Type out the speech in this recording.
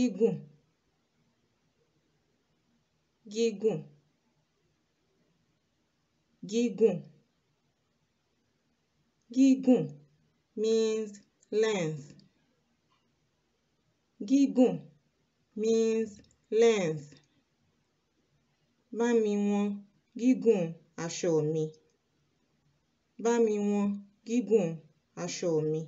gígùn gígùn gígùn gígùn means length gígùn means length bá mi wọn gígùn aṣọ mi bá mi wọn gígùn aṣọ mi